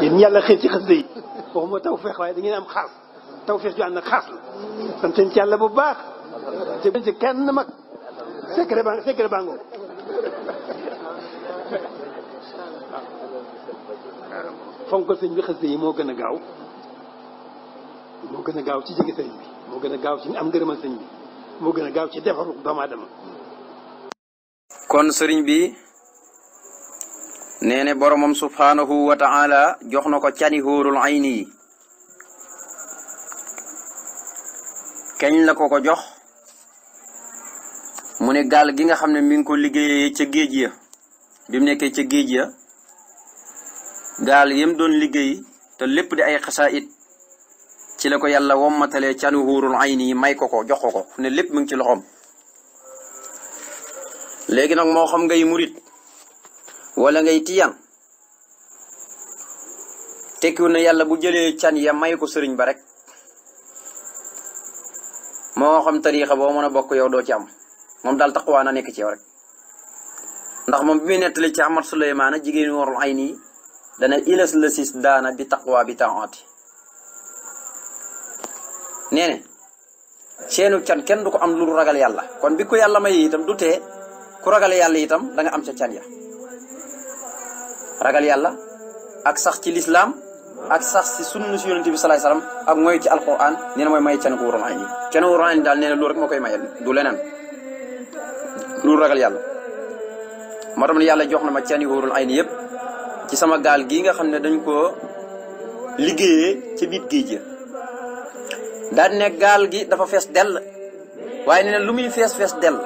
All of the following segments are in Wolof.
yéen yàlla xëy ci xasida yi taw tawfeex waaye da ngeen am taw tawfeex ju ànd ak xaas la sant ci yàlla bu baax jëgn ci kenn mag secret baa secret baa ngoo fonkal sëñ bi xasida yi moo gën a gaaw moo gën a gaaw ci jege sëñ bi moo gën a gaaw ci am ngërëmal sëñ bi moo gën a gaaw ci defaru doomu kon sëriñ bi nee ne boromam subhaanahu wa ta'ala jox na ko cani hóorul ayni yi kañ la ko ko jox mu ne gaal gi nga xam ne mi ngi ko liggéeyee ca géej ya bi mu nekkee ca géej ya gaal yam doon liggéey te lépp di ay xasaayit ci la ko yàlla wommatalee cani hóorul ayni yi may ko ko jox ko ko ne lépp mu ngi ci loxoom moo xam ngay murit wala ngay tiyan tekkiwul na yàlla bu jëlee can ya may ko sëriñ ba rek moo xam tariixa boo mën a bokk yow doo ci am moom daal taqwaa na nekk ci yow rek ndax moom bi muy nettali ci Ahmad Suleymaana jigéen warul ay nii dana ilas la sis daana bi taqwaa bi taati nee ne seenu can kenn du ko am lu ragal yàlla kon bi ko yàlla may itam du tee ku ragal yàlla itam danga am ca can ya ragal yàlla ak sax ci lislaam ak sax si sunna si yonente bi salaay salaam ak mooy ci alquran nee na mooy may cene ko wuroon ay ni cene wuroon ay ni daal nee na loolu rek moo koy maye du leneen loolu ragal yàlla moo tax ne yàlla jox na ma cene yi wuroon ay ni yëpp ci sama gaal gi nga xam ne dañ koo liggéeyee ci biir géej ja daal ne gaal gi dafa fees dell waaye nee na lu muy fees fees dell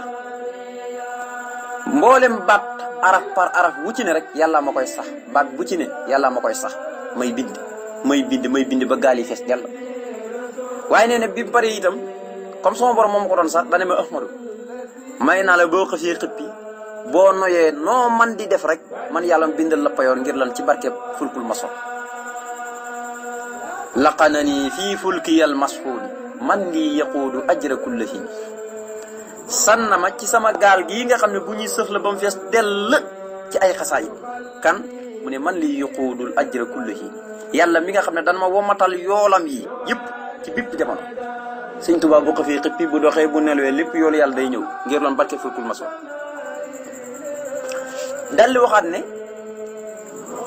mboolem baat araf par araf wu ci ne rek yàlla ma koy sax baat bu ci ne yàlla ma koy sax may bind may bind may bind ba gaal yi fees waaye nee na bi pare itam comme sama borom moom ko doon sax dane ma ahmadu may naa la boo xëfee xëppi boo noyee noo man di def rek man yàlla bindal la payoon ngir lan ci barkeeb fulkul na laqanani fii fulkiyal masxuudi man lii yaquudu ajra kullahi sànna ma ci sama gaal gii nga xam ne bu ñuy sëf la ba mu fees dell ci ay xasaay kan mu ne man li yuquudul ajra kullihi yàlla mi nga xam ne dan ma womatal yoolam yi yëpp ci bipp jamono sëñ Tuubaa bu ko fii xippi bu doxee bu nelwee lépp yoolu yàlla day ñëw ngir loon barke fulkul masoon dalli waxaat ne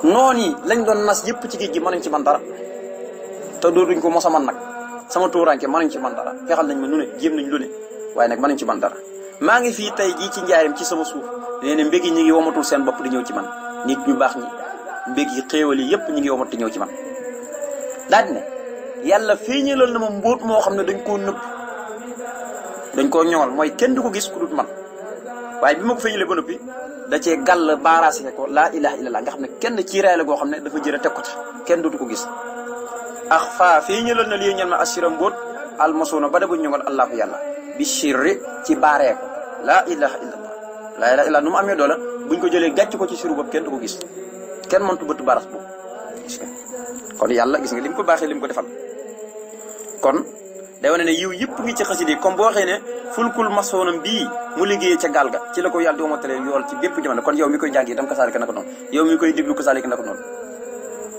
noon yi lañ doon nas yëpp ci géej gi nañ ci man dara te duñ ko mos a man nag sama tuuraanke mënuñ ci man dara fexal nañ ma nu ne jéem waaye nag mënuñ ci man dara maa ngi fii tey jii ci njaarim ci sama suuf nee na mbég yi ñu ngi womatul seen bopp di ñëw ci man nit ñu baax ñi mbég yi xéewal yi yëpp ñu ngi womat di ñëw ci man daal ne yàlla feeñalal na ma mbóot moo xam ne dañ koo nëbb dañ koo ñoŋal mooy kenn du ko gis ku dut man waaye bi ma ko feeñalee ba noppi da cee gàll baaraasi ko laa ilaha illallah nga xam ne kenn ci raay goo xam ne dafa jëre teg ko ci kenn du ko gis ax faa feeñalal na lii ñel ma asira mbóot almasoona ba da bu ñoŋal yàlla bi shirri ci baaree laa ilaha illallah laa ilaha nu mu amee doole buñ ko jëlee gàcc ko ci suru boobu kenn du ko gis kenn mëntu bëtt baras boobu gis nga kon yàlla gis nga lim ko baaxee mu ko defal kon day wane ne yiw yëpp ngi ci xasida yi comme boo xëy ne fulkul masoonam bii mu liggéeyee ca gaal ga ci la ko yàlla di wamatalee yool ci bépp jamono kon yow mi koy jàng itam kasaalika naka noonu yow mi koy déglu kasaalika naka noonu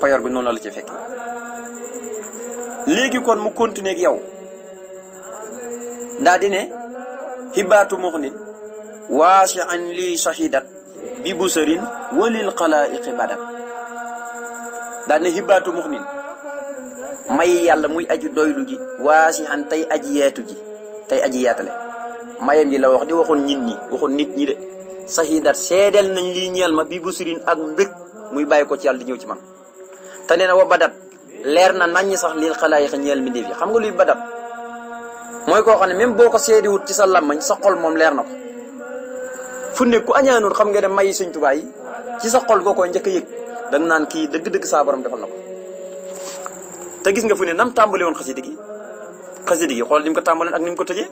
payor bi noonu la la ci fekk léegi kon mu continuer ak ndaa di ne xibaatu muxnin waasi an lii saxidat bi busarin walil xalaayiqi badat daa di ne xibaatu muxnin may yàlla muy aji doylu ji waasi an tey aji yeetu ji tey aji yeetale mayam ji la wax di waxoon nit ñi waxoon nit ñi de saxidat seedeel nañ lii ñeel ma bi busarin ak mbég muy bàyyi ko ci yàlla di ñëw ci man te nee na wa badat leer na nañ sax lii lil xalaayiqi ñeel mi ndéef yi xam nga luy badat mooy koo xam ne même boo ko seediwut ci sa làmmañ sa xol moom leer na ko fu ne ku añaanul xam nga ne mayi Sëñ Tuubaa yi ci sa xol goo koy njëkk a yëg danga naan kii dëgg-dëgg saa borom defal na ko te gis nga fu ne nam tàmbali woon xasida gi xasida gi xool ni ko tàmbalee ak ni mu ko tëjee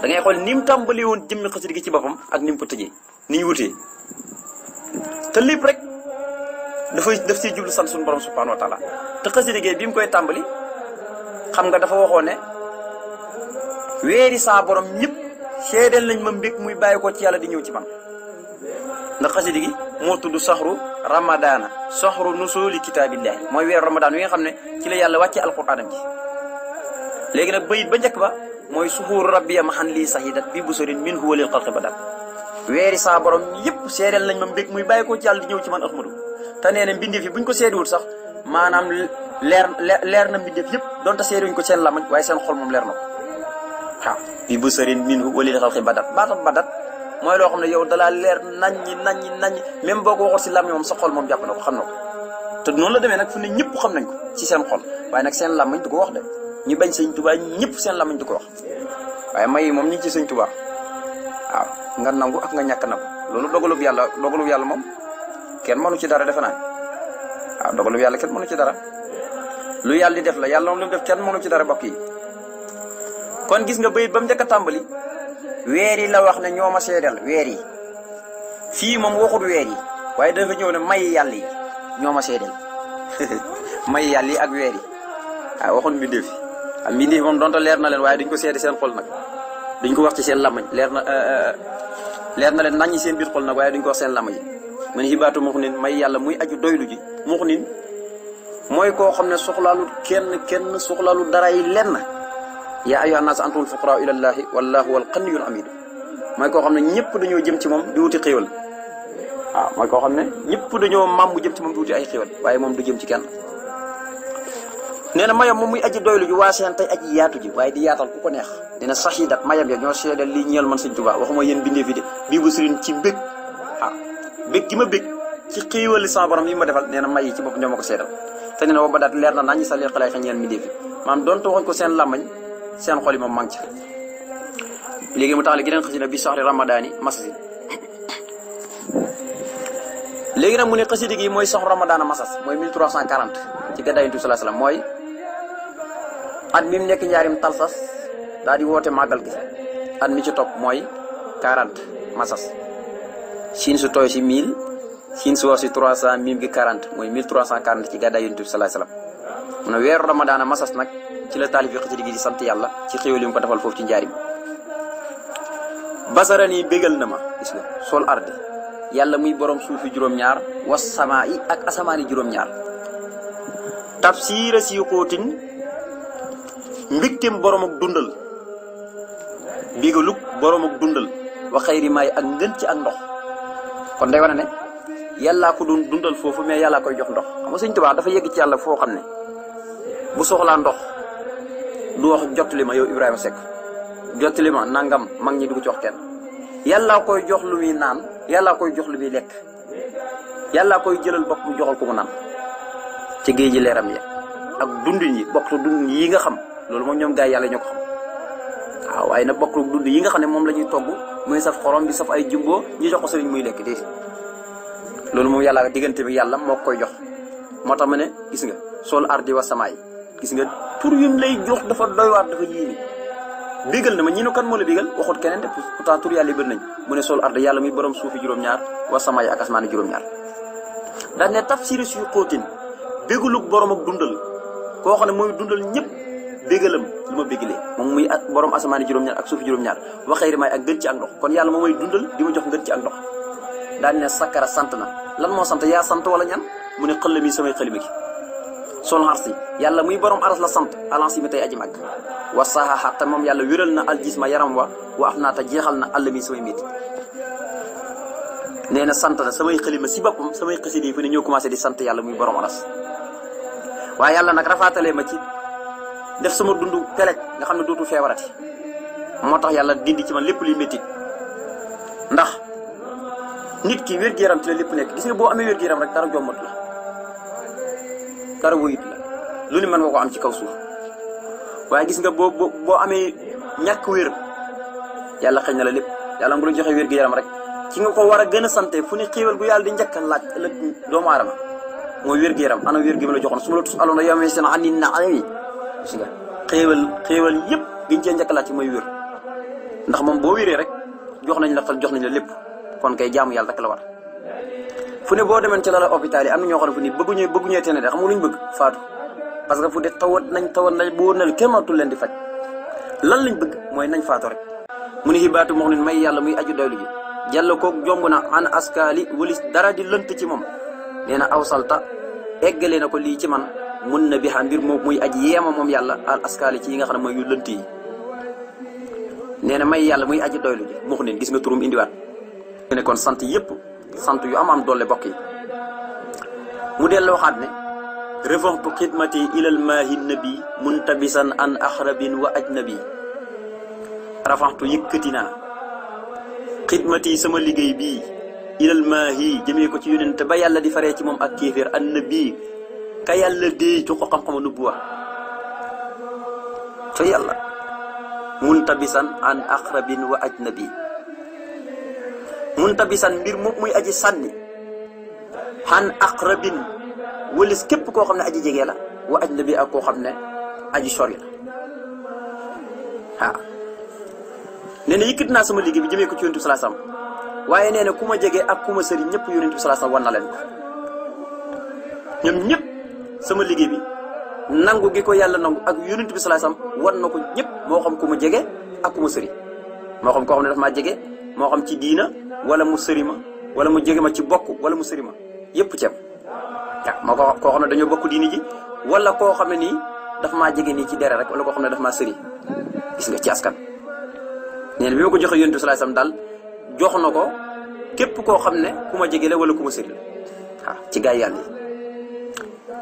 da ngay xool ni mu tàmbali woon jëmmi xasida gi ci boppam ak ni mu ko tëjee ni ñu wutee te lépp rek dafay daf siy jublu sant suñu borom subhaanahu wa te xasida gi bi mu koy tàmbali xam nga dafa waxoo ne weeri saa borom ñëpp seedeel nañ ma mbég muy bàyyi ko ci yàlla di ñëw ci man ndax xasida gi moo tudd saxru ramadaana saxru nusuli kitaabillahi mooy weeru ramadaan wi nga xam ne ci la yàlla wàcce alquraanam ci léegi nag bayit ba njëkk ba mooy suxuuru rabbiya ma xam lii sahidat bi busurin min huwa lil xalqi badat weeri saa borom yëpp seedeel nañ ma mbég muy bàyyi ko ci yàlla di ñëw ci man ahmadu te nee na mbindeef yi buñ ko seediwul sax maanaam leer leer na mbindeef yëpp donte seediwuñ ko seen lamañ waaye seen xol leer na waaw bi bu sërin minhu walil xalqi badat baatam badat mooy loo xam ne yow dalaa leer nañ naññi nañ même boo ko waxul si làmmiñ moom sa xol moom jàpp na ko xam na ko te noonu la demee nag fu ne ñëpp xam nañ ko ci seen xol waaye nag seen làmmiñ du ko wax de ñi bañ sëñ tubaa ñëpp seen làmmiñ du ko wax waaye may yi moom ñu ci sëñ tubaa waaw nga nangu ak nga ñàkk nag loolu dogalub yàlla dogalub yàlla moom kenn mënu ci dara defe naa waaw dogalub yàlla kenn mënu ci dara lu yàlla di def la yàlla moom lu mu def kenn mënu ci dara bokk yi kon gis nga bayit ba mu njëkk tàmbali weer yi la wax ne ñoo ma seedal weer yi fii moom waxut weer yi waaye dafa ñëw ne may yàlla yi ñoo ma may yàlla yi ak weer yi waaw ah, waxuñu mbindeef yi ah mbindeef moom donte leer na leen waaye duñ ko seede seen xol nag duñ ko wax ci seen lamañ leer na eh, eh, eh, leer na leen naññi seen biir xol nag waaye duñ ko wax seen lamañ yi man xibaatu mux nin may yàlla muy aju doylu ji mux nin mooy koo xam ne soxlaalu kenn kenn soxlaalu dara yi lenn. yaa ayyuhan naas antumul fuqaraa ila llaahi wallaahu wal ganiyyul hamiid mooy koo xam ne ñëpp ci moom di wuti xéewal waaw mooy koo xam ne ñëpp dañoo maam mu jëm ci moom di wuti ay xéewal waaye moom du jëm ci kenn nee na mayam moom muy aji doylu ji waa seen tey aji yaatu waaye di yaatal ku ko neex dina saxiidat mayam ya ñoo seedal lii ñeel man sëñ Tuubaa waxuma yéen bindee fi de bii bu sëriñ ci bég waaw bég ma bég ci xéewali sama yi ma defal nee na yi ci bopp ñoo ma ko seedal te nee na daat leer na naa ñi sa leer xalaay xa ñeel mi maam doon waxuñ ko seen làmmañ seen xol yi moom mang ca léegi mu tax la geneen xasida bi saxri ramadaani masasi léegi nag mu ne xasida gi mooy soxru ramadaana masas mooy 1340 ci gàddaay Yonent bi sallallahu alayhi mooy at mi mu nekk njaarim talsas daal di woote màggal gi at mi ci topp mooy 40 masas siin su tooy si 1000 siin su wax si 300 mim gi 40 mooy 1340 ci gàddaay Yonent bi sallallahu alayhi wasallam mu ne weeru masas nag ci la taalif yi xasida gi di sant yàlla ci xéwal yi mu ko defal foofu ci njaarim basara nii bégal na ma gis sol ardi yàlla muy borom suufi juróom-ñaar was samaa ak asamaani juróom-ñaar tafsiira si xóotin mbigtim borom ak dundal bégaluk borom ak dundal wa xayri maay ak ngën ci ak ndox kon day wane ne yàllaa ko doon dundal foofu mais yàllaa koy jox ndox xam nga Sëñ dafa yegg ci yàlla foo xam ne bu soxlaa ndox du wax jottali ma yow Ibrahima Seck jottali ma nangam mag ñi dugg ci wax kenn yàllaa koy jox lu muy naan yàllaa koy jox lu muy lekk yàllaa koy jëlal bopp mu joxal ko mu naan ci géej ji leeram yi ak dund yi bokkul dund yi xam loolu moom ñoom gars yi yàlla ñoo ko xam waaw waaye yi nga xam ne moom lañuy togg muy saf xorom bi saf ay jumbo ñi jox ko sëriñ muy lekk déedéet loolu moom yàlla diggante bi yàlla moo koy jox moo tax ma ne gis nga sol ardi wa samaay gis nga tur yim lay jox dafa doy waar dafa yéeme bégal na ma ñi ne kan moo la bégal waxut keneen te pourtant tur yàlla bëri nañ mu ne sol arda yàlla muy borom suufi juróom-ñaar wa samaay ak asmaani juróom-ñaar daan ne tafsiri suy xóotin bégalug borom ak dundal koo xam ne mooy dundal ñëpp bégalam lu ma bégalee moom muy borom asamaani juróom-ñaar ak suufi juróom-ñaar waxee rimaay ak gën ndox kon yàlla moom mooy dundal di jox gën ci ak ndox daan ne sakkara sant na lan moo sant yaa sant wala ñan mu ne xëll mi samay xalima gi sol xarsi yàlla muy borom aras la sant alansi mi tey aji màgg wa saha xatta moom yàlla wéral na aljis ma yaram wa wa af naata jeexal na àll mi samay métti nee na sant na samay xalima si boppam samay xasida yi fu ne ñoo commencé di sant yàlla muy borom aras waaye yàlla nag rafaatalee ma ci def sama dundu peleg nga xam ne dootu feebarati moo tax yàlla dindi ci ma lépp li métti ndax nit ki wér-gu-yaram ci la lépp nekk gis nga boo amee wér-gu-yaram rek dara jombat la karawoyit la lu ni mën ko am ci kaw suuf waaye gis nga boo boo amee ñàkk wér yàlla xëy na la lépp yàlla nga la joxe wér gi yaram rek ci nga ko war a gën a sante fu ne xéewal gu yàlla di njëkk laaj ëllëg doomu aadama mooy wér gi yaram ana wér gi ma la joxoon su ma la tus aloon yow amee seen anin na anin gis nga xéewal xéewal yëpp giñ cee njëkk laaj ci mooy wér ndax moom boo wéree rek jox nañ la jox nañ lépp kon kay jaamu yàlla rek la war fu ne boo demee ci lala hôpital yi am na ñoo xam ne fu ni bëgguñu bëgguñu tene de xam nga lu ñu bëgg faatu parce que fu de tawat nañ tawat nañ leen di faj lan lañ bëgg mooy nañ faatu rek mu ni xibaatu mox nin may yàlla muy aju doylu ji jàlla koog jomb na an askaali walis dara di lënt ci moom nee na aw salta eggale na ko lii ci man mun na bixa mbir moom muy aji yeema moom yàlla al askaali ci yi nga xam ne mooy yu lënt nee na may yàlla muy aji doylu ji mox nin gis nga turum indiwaan ne kon sant yëpp sant yu am am doole bokk yi mu delloo waxaat ne revahtu xidmati ilal maahi nabi muntabisan an axrabin wa ajnabi rafaxtu yëkkati xidmati sama liggéey bi ilal maahi jëmee ko ci yonente ba yàlla di faree ci moom ak kéeféer an nabi ka yàlla dee jox ko xam-xama nubuwa ca yàlla muntabisan an axrabin wa ajnabi muntabisan mbir moom muy aji sànni xan aqrabin wëlis képp koo xam ne aji jege la wa ajnabi ak koo xam ne aji sori la waaw nee na naa sama liggéey bi jëmee ko ci yonent bi salaa salaam waaye nee na ku ma jege ak ku ma sëri ñëpp yonent bi na leen ko ñoom ñëpp sama liggéey bi nangu gi ko yàlla nangu ak yonent bi salaa salaam na ko ñëpp moo xam ku ma jege ak ku ma sëri moo xam koo xam ne daf maa jege moo xam ci diina wala mu sëri ma wala mu jege ma ci bokk wala mu sëri ma yëpp ci am waaw ko koo xam ne dañoo bokk diini ji wala koo xam ne nii dafa maa jege nii ci dere rek wala koo xam ne dafa maa sëri gis nga ci askan. nee na bi ko joxee yonent salaay sam daal jox na ko képp koo xam ne ku ma jege la wala ku ma sëri la ci gaa yàlla yi.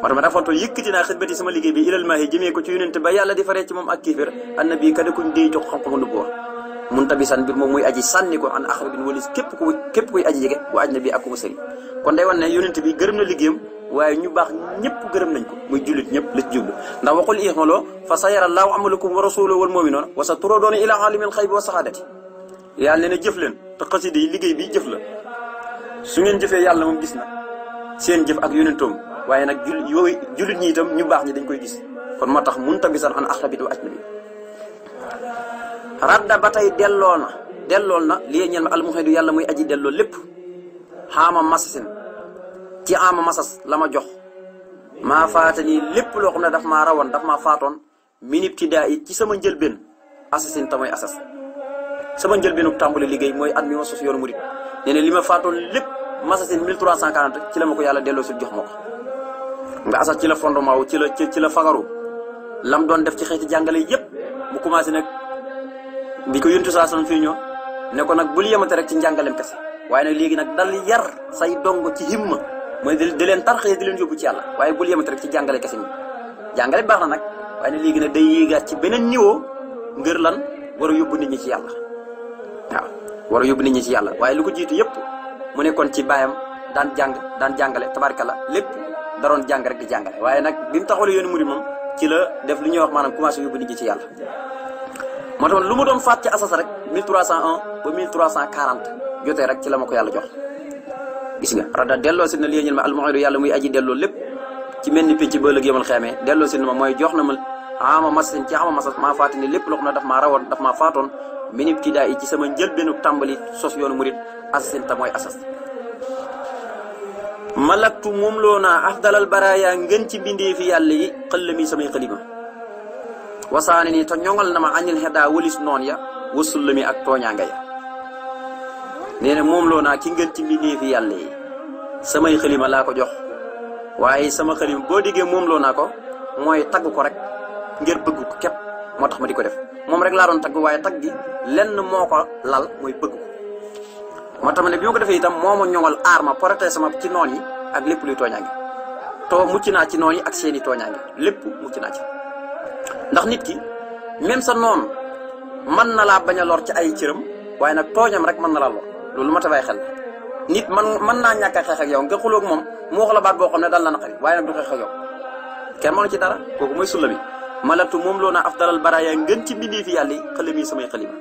moo tax ma dafa toog yëkkati naa xidmati sama liggéey bi ilal maahi jëmee ko ci yonent ba yàlla di faree ci moom ak kiifir annabi kada kuñ dee jox xam-xamu nubuwa mun tabisan mbir moom muy aji sànni ko an axrabin walis képp ku képp kuy aji jege wa aj na bi ak ko sëri kon day wan ne bi gërëm na liggéeyam waaye ñu baax ñëpp gërëm nañ ko muy jullit ñëpp la ci jublu ndax waxul ihmaloo fa sa yara laahu amalakum wa rasuluhu wal muminuuna wa sa turoo doona ilaa alimil leen te xasida yi liggéey bi jëf la su ngeen jëfee yàlla moom gis na seen jëf ak yonentoom waaye nag jul yooyu jullit ñiitam ñu baax ñi dañ koy gis kon moo tax mun tabisan an axrabin wa bi radda ba tey delloo na dellool na lii ñeel ma almuhidu yàlla muy aji delloo lépp xaama masasin ci ama masas la ma jox maa faata lépp loo xam ne daf maa rawoon daf ma faatoon minib ti daa it ci sama njëlbeen asasin ta mooy asas sama njëlbeenu tàmbali liggéey mooy at mi ma sos yoonu murit nee na li ma faatoon lépp masasin 1340 ci la ma ko yàlla delloo si jox ma ko nga asas ci la fondement wu ci la ci la fagaru lam doon def ci xeeti jàngale yépp mu commencé nag bi ko yuntu saa san fii ñoo ne ko nag bul yemate rek ci njàngaleem kese waaye nag léegi nag dal yar say dongo ci himma mooy di leen tarxee di leen yóbbu ci yàlla waaye bul yemate rek ci jàngale kese mi jàngale na nag léegi nag day yéegaat ci beneen niveau ngir lan war yóbbu nit ci yàlla waaw war a yóbbu ci yàlla waaye lu ko jiitu yëpp mu nekkoon ci baayam daan jàng daan jàngale tabarkalla lépp daroon jàng rek di jàngale waaye nag bi mu taxawalee yoonu murid moom ci la def lu ñuy wax maanaam commencé yóbbu nit ñi ci yàlla moo tax lu ma doon faat ci asas rek 1301 ba 1340 jotee rek ci la ma ko yàlla jox gis nga rada delloo si na lii ñun ma almuhidu yàlla muy aji delloo lépp ci mel ni picc ba ëllëg yemal xeemee delloo si na ma mooy jox na ma ama masin ci ama masas maa faati ne lépp loo xam ne daf maa rawoon daf maa faatoon minib ti daa yi ci sama njëlbeenu tàmbali sos yoonu murit asasin ta mooy asas malaktu moom loo naa afdalal baraya ngën ci mbindee fi yàlla yi xëllami samay xalima wasaani nii te ñoŋal na ma añil xeddaa wëlis noon ya wasul la mi ak tooñaanga ya nee na moom loo naa ki ngeen ci mbindee fi yàlla yi samay xalima laa ko jox waaye sama xalima boo diggee moom loo naa ko mooy tagg ko rek ngir bëgg ko képp moo tax ma di ko def moom rek laa doon tagg waaye tagg gi lenn moo ko lal mooy bëgg ko moo tax ma ne bi ma ko defee itam moo ma ñoŋal aar ma protéger sama ci noon yi ak lépp luy tooñaange to mucc naa ci noon yi ak seeni tooñaange lépp mucc ci ndax nit ki même sa noonu man na laa bañ a ci ay cëram waaye nag tooñam rek mën na laa lor loolu ma ta xel nit man mën naa ñàkk a xeex ak yow nga xuloo moom mu wax la baat boo xam ne dal la naqari waaye nag du xeex ak kenn mënu ci dara kooku mooy sulla bi malatu moom loo naa afdalal baraaya ngën ci mbindee fi yàlla yi xëlam yi samay xalima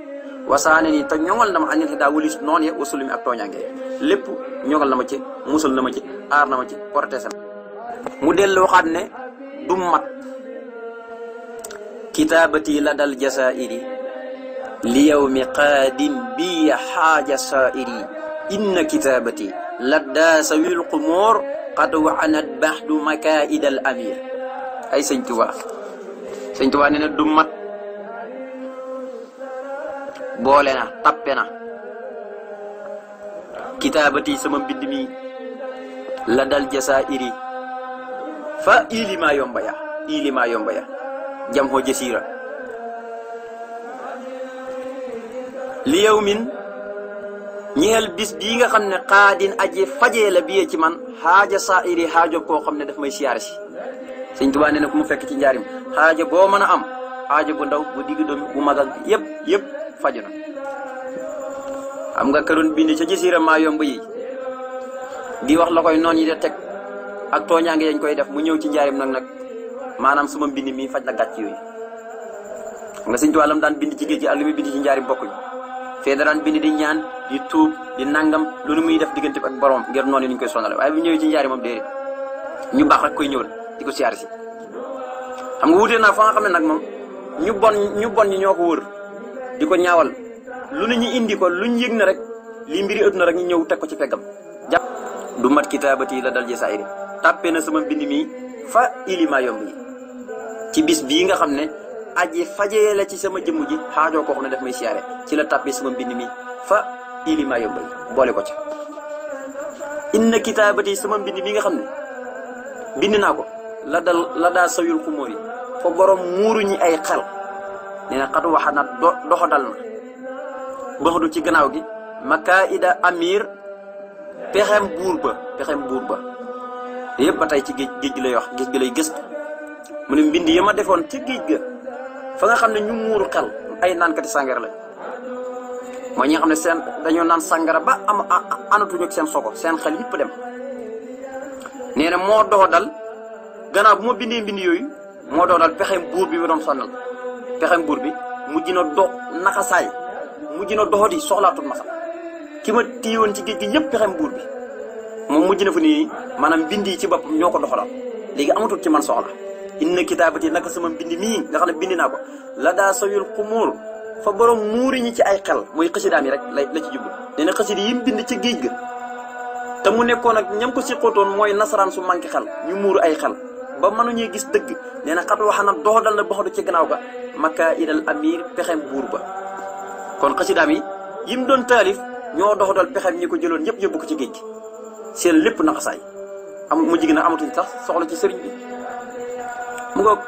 wasaane nii te ñoŋal na ma anil xidaa walis noon ye wasulu mi ak tooñaange lépp ñoŋal na ma ci musal na ma ci aar na ma ci protésam mu dellu waxaat ne du mat kitaabati la dal jasaa'iri li yawmi qaadin bi xaaja saa'iri inna kitaabati la daa sawil qumóor qad waanat baxdu makaa'id amir ay sëñ Tuubaa sëñ Tuubaa nee na du mat boole na kitaabati sama mbind mi la dal jasaa'iri fa iilimaa yomba jamho jasira li yow min ñeel bis bii nga xam ne xaadin aji fajee la biyee ci man xaaja saa'iri xaajo koo xam ne daf may siyaare si sëñ Tuubaa nee na ku mu fekk ci njaarim xaajo boo mën a am xaajo bu ndaw bu digg doom bu magal yëpp yëpp faju na am nga këroon bind ca jasiira maa yomb yi di wax la noon yi de teg ak tooñaange yañ koy def mu ñëw ci njaarim nag nag maanaam suma mbind mii faj na gàcc yooyu nga sëñ daan bind ci géej gi ak lu muy bind ci njaari bokkuñ fee da daan bind di ñaan di tuub di nangam loolu muy def diggante ak borom ngir noonu ni ñu koy sonal waaye bu ñëwee ci njaari moom déedéet ñu baax rek koy ñëwal di ko siyaar si xam nga wuutee naa fa nga xam ne nag moom ñu bon ñu bon ñi ñoo ko wër di ko ñaawal lu ne ñu indi ko lu ñu yëg na rek lii mbiri ëpp na rek ñu ñëw teg ko ci peggam jàpp du mat kitaabati la dal ji saayri tàppee na sama mbind mi fa ilima yomb ci bis bii nga xam ne aji fajee la ci sama jëmm ji xaajoo koo xam ne daf may siyaare ci la tàbbee sama mbind mi fa may yombay boole ko ca inna kitaabati sama mbind mi nga xam ne bind naa ko la dal la daa sayul xumóor yi fa borom muuru ñi ay xel nee na xat waxa na doxo dal ci gannaaw gi makaa ida amir pexem buur ba pexem buur ba yëpp ba tey ci géej géej gi lay wax géej gi lay gëstu mu ne mbind ya ma defoon ci géej ga fa nga xam ne ñu muuru xel ay naankati sàngara lañ moo ñi nga xam ne seen dañoo naan sàngara ba am a ak seen sogo seen xel yëpp dem nee na moo doxo dal ganaar bu ma bindee mbind yooyu moo doxo dal pexem buur bi ma doon sonnal pexem buur bi mujj na do naxasaay mujj na doxo di soxlaatul ma sax ki ma téyewoon ci géej gi yëpp pexem buur bi moom mujj na fu nii maanaam mbind yi ci boppam ñoo ko doxo léegi amatul ci man soxla inna kitaabati naka sama mbind mii nga xam ne bind naa ko la daa sawil xumuur fa borom muuri ñi ci ay xel mooy xasidaam yi rek la la ci jublu nee na xasida yi mu bind ca géej ga te mu nekkoon ak ñam ko siqootoon mooy nasaraan su manqué xel ñu muur ay xel ba mënuñee gis dëgg nee na xat waxa na dox dal na boxadu ci gannaaw ga makka idal amir pexem buur ba kon xasidaam yi yim doon taalif ñoo dox dal pexem ñi ko jëloon yëpp yóbbu ko ci géej gi seen lépp naxasaay am mu jig na amatuñ sax soxla ci sëriñ bi mu ngoog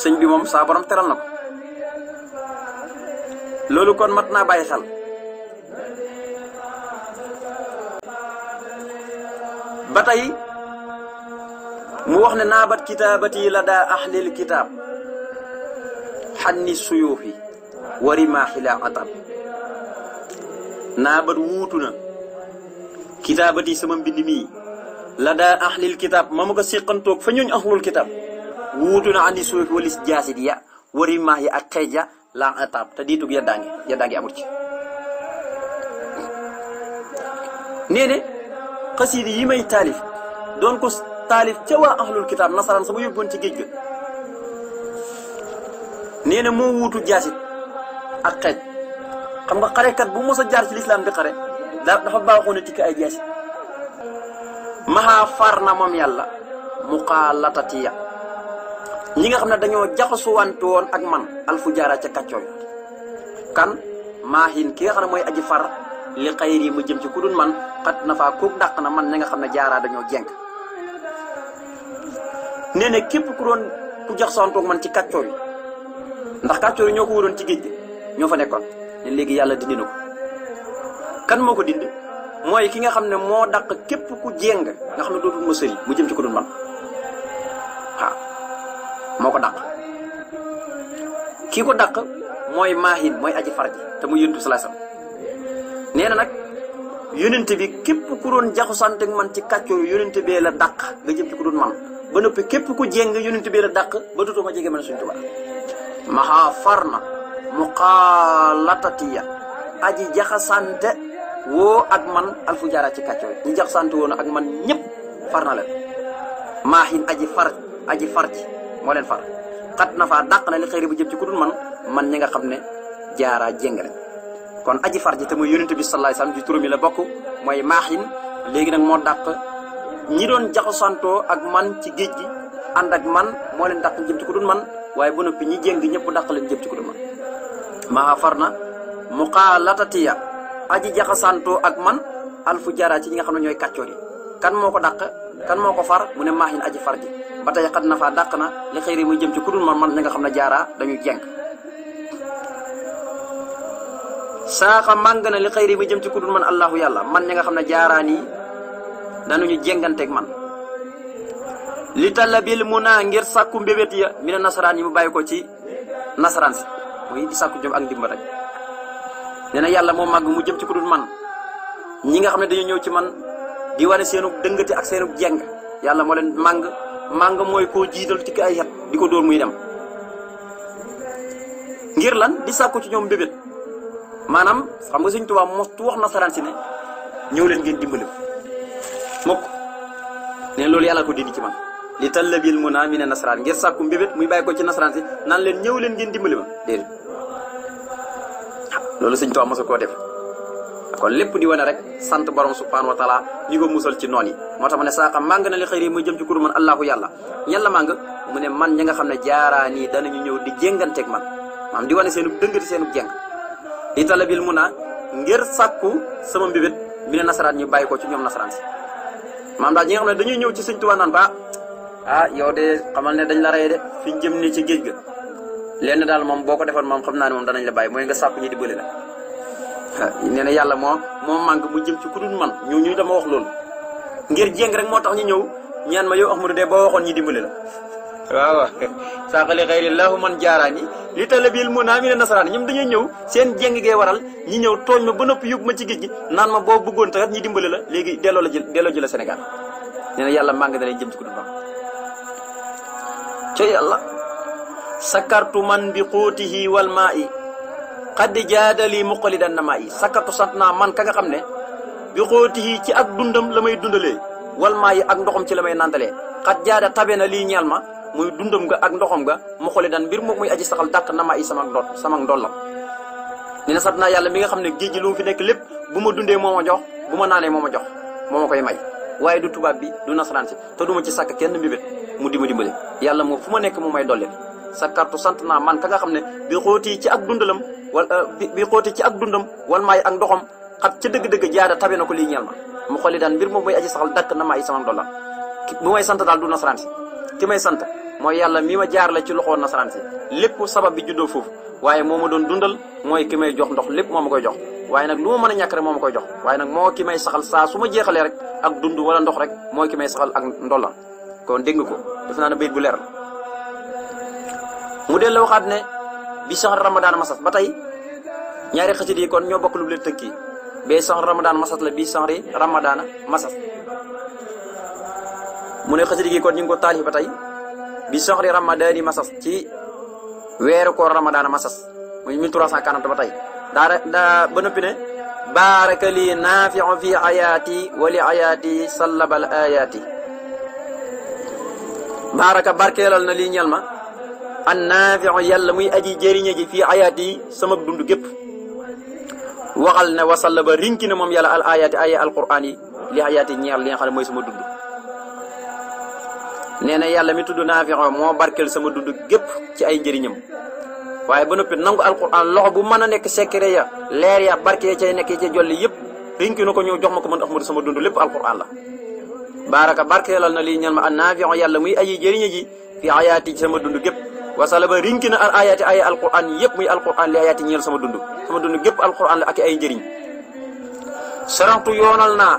sëñ bi moom saa borom na ko loolu kon mat naa bàyyi xel ba tey mu wax ne naabat kitaabati la daa ahlil kitaab xanni suyuufi wari maaxila atab naabat wuutu na kitaabati sama mbind mii la daa kitaab ma ma ko séqantoog fa ñooñ ahlul kitaab wuutu na andi suufi walis jaasit ya wari maax yi ak xeej ya la ataab te diitug yaddaange yaddaange amul ci nee ne yi may taalif doon ko taalif ca waa ahlul kitaab nasaraan sama yóbboon ci géej ga nee na moo wuutu jaasit ak xeej xam nga xarekat bu mos a jaar ci lislaam di xare da dafa baaxoon a tikk ay jaasit maxaa far na moom yàlla mu xaalatatiya ñi nga xam ne dañoo jaxasuwante woon ak man alfu jaara ca kàccoo kan maahin ki nga xam ne mooy aji far li xayri mu jëm ci ku dul man xat na faa daq na man ña nga xam ne jaaraa dañoo jeng nee na képp ku doon ku jaxasantoog man ci kàccoo yi ndax kàccoo ñoo ko wóoroon ci géej gi ñoo fa nekkoon ne léegi yàlla dindi na ko kan moo ko dindi mooy ki nga xam ne moo daq képp ku jéng nga xam ne dootul ma sëri mu jëm ci ku dul man moo ko dàq kii ko daq mooy maahin mooy aji farji te mu yonent bi sallallahu alayhi nee na nag yonent bi képp ku doon jaxusante man ci kàccoor yonent bee la dàq nga jëm ci ku doon man ba noppi képp ku jéng yonent bee la dàq ba dootoo ma jege man Sëriñ Tuubaa maxaa far na muqaalatatiya aji jaxasante woo ak man alfu jaara ci kàccoor ñi jaxasante woon ak man ñëpp far na leen maahin aji far aji farji moo leen far xat na faa dàq na li xëyri bu jëm ci ku dul man man ñi nga xam ne jaara jéng rek kon aji far ji te muy yonent bi salaay alayhi di ci turam la bokk mooy maaxin léegi nag moo daq ñi doon jaxasantoo ak man ci géej gi ànd ak man moo leen dàq jëm ci man waaye bu noppi ñi jéng ñëpp dàq leen jëm ci ku dul man maa far na muqaalatatiya aji jaxasantoo ak man alfu jaaraa ci ñi nga xam ne ñooy kàccoor yi kan moo ko daq kan moo ko far mu ne maaxin aji far ji ba tey xat na faa dàq na li xëyri muy jëm ci kudul man man ñi nga xam ne jaaraa dañu jenk saaxa màng na li xëyri jëm ci kudul man allahu yàlla man ñi nga xam ne jaaraa nii dañuñu jenganteeg man li talabil mu ngir sàkku mbébét ya mi nasaraan yi mu bàyyi ko ci nasaraan muy di jëm ak ndimba rek yàlla moo màgg mu jëm ci kudul man ñi nga xam ne dañu ñëw ci man di wane seenu dëngati ak seenu jeng yàlla moo leen màng màng mooy koo jiital ci ay xet di ko dóor muy dem ngir lan di sàkku ci ñoom bébét maanaam xam nga Sëñ Tuubaa mostu wax nasaraan si ne ñëw leen ngeen dimbali mokk ne loolu yàlla ko dindi ci man li tallabil mun naa mi ne nasaraan ngir sàkku mbébét muy bàyyi ko ci nasaraan si naan leen ñëw leen ngeen dimbali ma déedéet loolu Sëñ Tuubaa mosu koo def kon lépp di wane rek sant borom subhanahu wa taala ñi ko musal ci noon yi moo tax ma ne saaqa màng na li xëyri muy jëm ci kuréel man allahu yàlla ñan la màng man ñi nga xam ne jaaraa dana danañu ñëw di jénganteeg man maam di wane seenu dëngati seenu jéng di talabil mun a ngir sàkku sama mbibét mi ne nasaraan ñu bàyyi ko ci ñoom nasaraan si maam daal ñi nga xam ne dañuy ñëw ci sëñ Tuubaa naan ba ah yow de xamal ne dañ la rey de fi ñu jëm ne ci géej ga lenn daal moom boo ko defoon moom xam naa ne moom danañ la bàyyi di bëli la nee na yàlla moo moo màng mu jëm ci ku dul man ñu ñu dama wax loolu ngir jéng rek moo tax ñu ñëw ñaan ma yow Ahmadou de boo waxoon ñi dimbale la waaw waaw saaqali xayrillaahu man jaaraan yi li talabil mu naa mi ne nasaraan ñoom dañuy ñëw seen jéng gee waral ñi ñëw tooñ ma ba noppi yóbbu ma ci gi naan ma boo bëggoon taxat ñi dimbale la léegi delloo la jël delloo jël Sénégal nee na yàlla màng da jëm ci ku man ca yàlla sakartu wal maa i xaddi jaadali muqalidan na maa yi sakkatu sant naa man ka nga xam ne bi xóotihi ci ak dundam la may dundale wal maa yi ak ndoxam ci la may nandalee xat jaada tabe na lii ñeel ma muy dundam nga ak ndoxam nga muqalidan mbir moom muy aji saxal dàq na maa yi sama ndol sama la ni na sant naa yàlla mi nga xam ne géej gi lu fi nekk lépp bu ma dundee moo ma jox bu ma naanee moo ma jox moo ma koy may waaye du tubaab bi du nasaraan si te duma ci sakk kenn mbibét mu dima dimbale yàlla moom fu ma nekk mu may dolli sa kartu sant naa man ka nga xam ne bi xóoti ci ak dundalam wala euh, bi xóoti ci ak dundam wal maay ak ndoxam xat ca dëgg-dëgg jaada tabe na ko lii ñeel ma mu xolli daan mbir moom mooy aji saxal dakk na ma ay sama dollar bu may sant daal du nasaraan si ki may sant mooy yàlla mi ma jaar la ci loxo nasaraan si lépp sabab bi juddoo foofu waaye moo ma doon dundal mooy ki may jox ndox lépp moo ma koy jox waaye nag lu ma mën a ñàkk rek moo ma koy jox waaye nag moo ki may saxal saa su ma jeexalee rek ak dund wala ndox rek mooy ki may saxal ak ndolla kon dégg ko def naa ne bayit bu leer mu delloo waxaat ne bi saxar ramadaan masat ba tey ñaari xasida yi kon ñoo bokk lu leen tëkki bee saxar ramadaan masat la bii saxari ramadaan masat mu ne xasida gi kon ñu ko taalif ba tey bi saxari ramadaani masas ci weeru koor ramadaan masas muy 1340 ba tey daa daa ba noppi ne baaraka lii naafiu fi ayaati wali ayaati sallabal ayaati baaraka barkeelal na lii ñal ma an naafiu yàlla muy aji jëriñe ji fii ayaat sama dund gépp waxal ne la ba rinki na moom yàlla al ayaati aya alquraan yi li ayaat yi ñeel li nga xam ne mooy sama dund nee na yàlla mi tudd naafiu moo barkeel sama dund gépp ci ay njëriñam waaye ba noppi nangu alquraan loxo bu mën a nekk secret ya leer ya barke ya cay nekk ya cay jolli yëpp rinki ko ñëw jox ma ko mën ahmadu sama dund lépp alquraan la baaraka barkeelal na lii ñan ma an yàlla muy aji jëriñe ji fii ayaati dund gépp wasalaba rinki na ar ayaati ay alquran yëpp muy alquran li ayaati ñeel sama dund sama dund gépp alquran la ak ay njëriñ saraxtu yoonal naa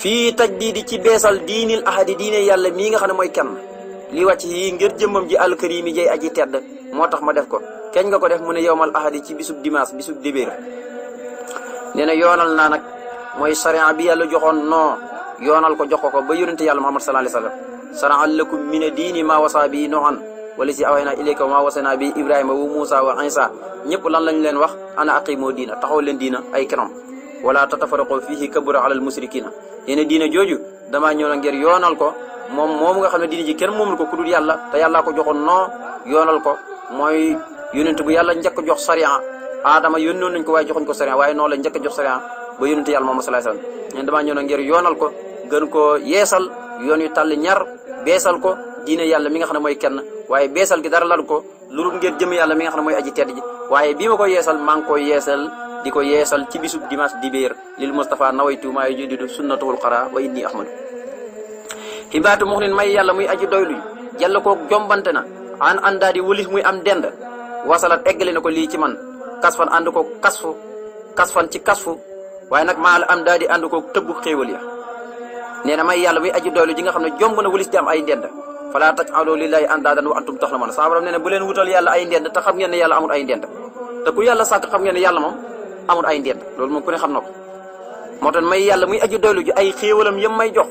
fii tajdiidi ci beesal diinil ahadi diine yàlla mii nga xam ne mooy kenn li wàcc yi ngir jëmmam ji alkarimi jay aji tedd moo tax ma def ko keñ nga ko def mu ne yowmal ahadi ci bisub dimanche bisub dibéer nee na yoonal naa nag mooy sariya bi yàlla joxoon noo yoonal ko jox ko ko ba yonente yàlla muhammad sallallahu alayhi wala si away naa ilayka wa maa wasanaa bi ibrahima wa moussa wa insa ñëpp lan lañ leen wax ana aqimoo diina taxaw leen diina ay kanam wala tatafaraqoo fiihi kabura alal musrikina yéen diina jooju damaa ñëw na ngir yoonal ko moom moomu nga xam ne diina ji kenn moomul ko ku dul yàlla ko joxoon noo yoonal ko mooy yónente bu yàlla njëkk jox sariya aadama yónnoon nañ ko waaye joxuñ ko sariya waaye noonu la njëkk jox sariya ba yónente yàlla moom salaay salaam ñeen damaa ñëw na yoonal ko gën ko yeesal yoon yi tàll ñar beesal ko diine yàlla mi nga xam ne mooy kenn waaye beesal gi dara lan ko lu dul ngeen jëm yàlla mi nga xam ne mooy aji tedd ji waaye bii ma ko yeesal maa ngi koy yeesal di ko yeesal ci bisub dimanche dibéer lil Mustafa nawaytu maa yujidu sunnatuhul xara wa inni ahmadu xibaatu muxnin may yàlla muy aji doylu yàlla koo jombante na an àndaa di wëlis muy am dend wasalat eggale na ko lii ci man kasfan ànd ko kasfu kasfan ci kasfu waaye nag maa la am di ànd ko tëbbu xéewal ya na may yàlla muy aji doylu ji nga xam ne jomb na wëlis di am ay dend fala taj'alu lillahi andaadan wa antum ta'lamuun saa borom nee na bu leen wutal yàlla ay ndend te xam ngeen ne yàlla amul ay ndend te ku yàlla xam ngeen ne yàlla moom amul ay ndend loolu moom ku ne xam na ko moo tax may yàlla muy aj doylu ji ay xéewalam yëm may jox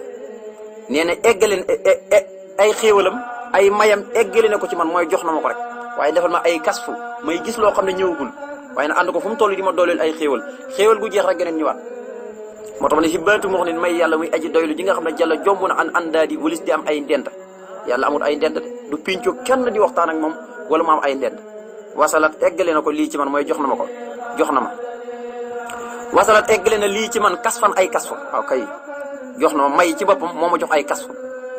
nee na eggaleen e, e, ay xéewalam ay mayam eggale ne ko ci man mooy jox na ma ko rek waaye defal ma ay kasfu may gis loo xam ne ñëwagul waaye na ko fu mu toll di ma dooleel ay xéewal xéewal gu jeex rek geneen ñëwaat moo tax ma ne si baatu yàlla muy aji doylu ji nga xam ne jàlla jomb na an àndaadi walis di am ay ndend yàlla amul ay ndend de du pinco kenn di waxtaan ak moom wala mu am ay ndend wasalat eggale na ko lii ci man mooy jox na ma ko jox na ma wasalat eggale na lii ci man kasfan ay kasfu kay jox na may ci boppam moo ma jox ay kasfu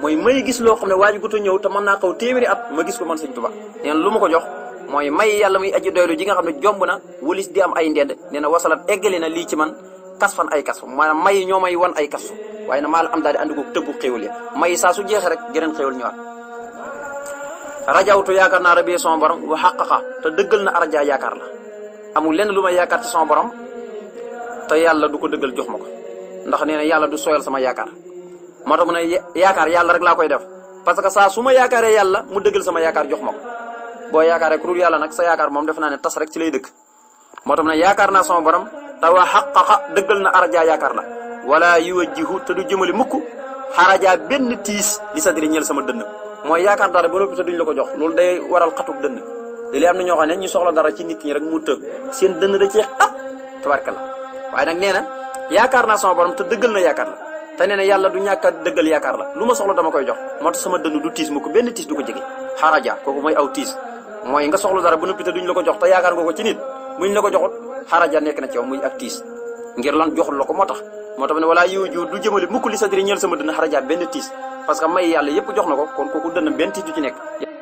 mooy may gis loo xam ne waa ji guta ñëw te mën naa xaw téeméeri at ma gis ko man sëñ Tuubaa nee lu ma ko jox mooy may yàlla muy aji doylu ji nga xam ne jomb na walis di am ay ndend nee na wasalat na lii man kas fan ay kas maanaam may ñoo may wan ay kas waaye na maa la am daal di ànd koog tëbbu xéwal ya may saa su jeexee rek geneen xéwal ñëwaat. rajawtu yaakaar naa rabbi sama borom wa xaqaqa te dëggal na arajaa yaakaar la amul lenn lu may yaakaar ci borom te yàlla du ko dëggal jox ma ko ndax nee na yàlla du sooyal sama yaakaar moo tax mu ne yaakaar yàlla rek laa koy def parce que saa su ma yaakaaree yàlla mu dëggal sama yaakaar jox ma ko boo yaakaar ku dul yàlla nag sa yaakaar moom def naa ne tas rek ci lay dëkk moo tax mu ne naa sama borom te wa xaqaqa dëggal na araja yaakaar la wala yuwajjihu te du jëmale mukk xaraja benn tiis li sadri ñeel sama dënn mooy yaakaar dara ba noppi te duñ la ko jox loolu day waral xatuk dënn léeg-léeg am na xam ne ñu soxla dara ci nit ñi rek mu tëg seen dënn da cee xat tabarka la waaye nag nee na yaakaar naa sama borom te dëggal na yaakaar la te nee na yàlla du ñàkk a dëggal yaakaar la lu ma soxla koy jox moo tax sama dënn du tiis mukk benn tiis du mooy aw tiis mooy nga soxla dara ba noppi te la ko jox te yaakaar nga ko la ko joxut xaraja nekk na muy ak tiis ngir lan joxul la moo tax moo tax ne wala yow jiw du jëmale mukk li sadri ñeel sama dënn benn tiis parce que may yàlla yëpp jox na ko kon kooku dënn benn tiis du ci